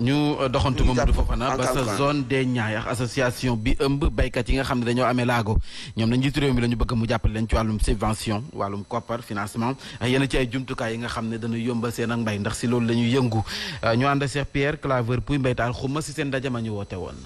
ñu euh, doxantu Mamadou Fofana ba sa zone des Niayes association bi ëmb béykat yi nga xam ne dañoo amee laago ñoom na njiitu réew mi la ñu bëgg mu jàppale leen ci wàllum subvention wàllum koppar financement yenn ci ay jumtukaay yi nga xam ne dana yombal seen a mbay ndax si loolu la yëngu euh, ñu ànd ak Cheikh Pierre Claver Pouy Mbaytaal xuma si seen ndaje ma ñu woote woon.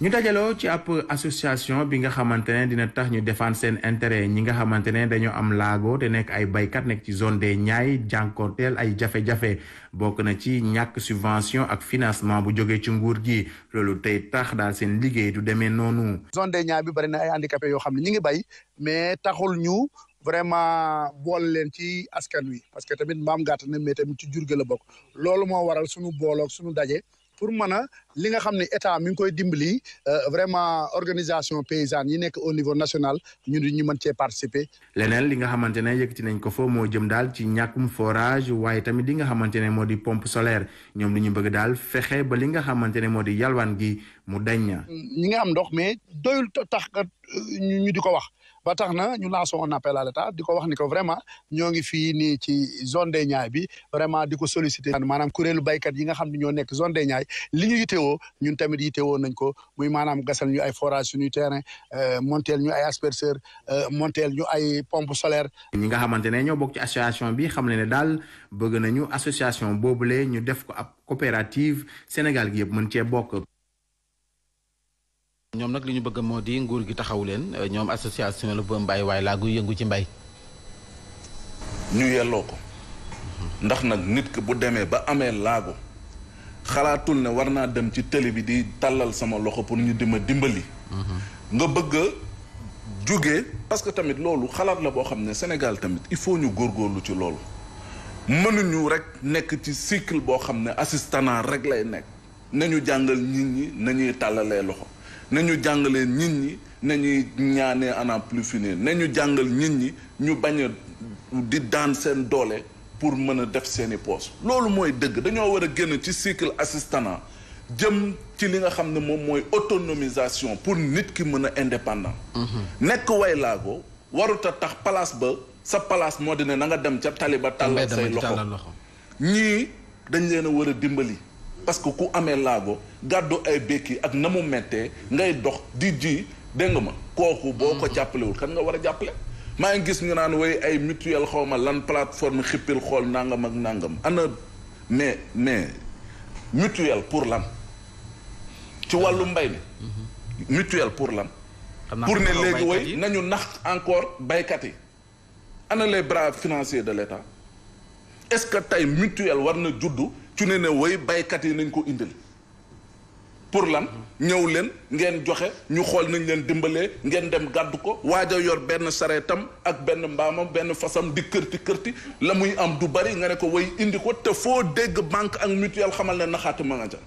ñu dajaloo ci app association bi nga xamante ne dina tax ñu défendre seen intérêt ñi nga xamante ne dañoo am laago te nekk ay baykat nekk ci zone des Niayes jànkonteel ay jafe-jafe bokk na ci ñàkk subvention ak financement bu jógee ci nguur gi loolu tey tax daal seen liggéey du demee noonu. zone des Niayes bi bari na ay handicapé yoo xam ne ñu ngi bay mais taxul ñu. vraiment bool leen ci askan wi parce que tamit maam gàtt na mais tamit ci jur gi la bokk loolu moo waral suñu booloog suñu daje pour mën a li nga xam ne état mi ngi koy dimbali euh, vraiment organisation paysanne yi nekk au niveau national ñu ñu mën cee participer. leneen li nga xamante ne ti nañ ko foofu moo jëm daal ci ñàkkum forage waaye tamit li nga xamante ne moo di pompe solaire ñoom li ñu bëgg daal fexe ba li nga xamante ne moo di yalwaan gi mu dañ. ñi nga am ndox mais doyul tax euh, ñu di ko wax. ba tax na ñu lancé on appel à l'état di ko wax ni ko vraiment ñoo ngi fii nii ci zone des Niayes bi vraiment di ko solliciter maanaam kuréelu béykat yi nga xam ne ñoo nekk zone des Niayes li ñu yitewoo ñun tamit yitewoo nañ ko muy maanaam gasal ñu ay forage suñuy terrain euh, monteel ñu ay asperseur euh, monteel ñu ay pompe solaire ñi nga xamante ne ñoo bokk ci association bi xam ne ne daal bëgg nañu association boobule ñu def ko ab coopérative Sénégal gi yëpp mën cee bokk ñoom nag li ñu bëgg moo di nguur gi taxaw leen ñoom association la ba mbay waaye laa yëngu ci mbay. ñu yelloo ko. ndax nag nit ki bu demee ba amee laago xalaatul ne war naa dem ci télé bi di tàllal sama loxo pour ñu dima dimbali. nga bëgg a jóge parce que tamit loolu xalaat la boo xam ne Sénégal tamit il faut ñu góor góorlu ci loolu. mënuñu rek nekk ci cycle boo xam ne assistanat rek lay nekk nañu jàngal nit ñi nañuy tàllalee loxo. nañu jàngalee nit ñi nañuy ñaanee ana plus finir ñu jàngal nit ñi ñu bañ a di daan seen doole pour mën a def seen i poos loolu mooy dëgg dañoo war a génn ci cycle assistanat jëm ci li nga xam ne moom mooy autonomisation pour nit ki mën a indépendant mhm. nekk way laago warut a tax place ba sa place moo di ne na nga dem ca taliba tàllal say loxo ñii dañ leen a war a dimbali parce que ku amee laago gàddu ay békki ak na mu méttee ngay dox di ji dégg ma kooku boo ko mm-hmm. jàppalewul kan nga war a jàppale maa ngi gis ñu naan way ay mutuelle xaw ma lan plateforme xippil xool nangam ak nangam ana mais mais mutuelle pour lan ci wàllu ah. mbay mi mm-hmm. mutuelle pour lan pour ne léegi way nañu nax encore baykat yi ana les bras financiers de l'État est-ce que tey mutuelle war na juddu ci ne ne way baykat yi nañ ko indil pour lan ñëw leen ngeen joxe ñu xool nañ leen dimbalee ngeen dem gàddu ko waaj a yor benn sareetam ak benn mbaamam benn fasam di kërti kërti la muy am du bari nga ne ko way indi ko te foo dégg banque ak mutuelle xamal ne naxaati ma nga ca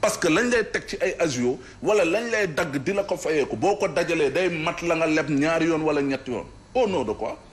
parce que lañ lay teg ci ay asio wala lañ lay dagg di la ko fayeeku boo ko dajalee day mat la nga leb ñaari yoon wala ñetti yoon au noo de quoi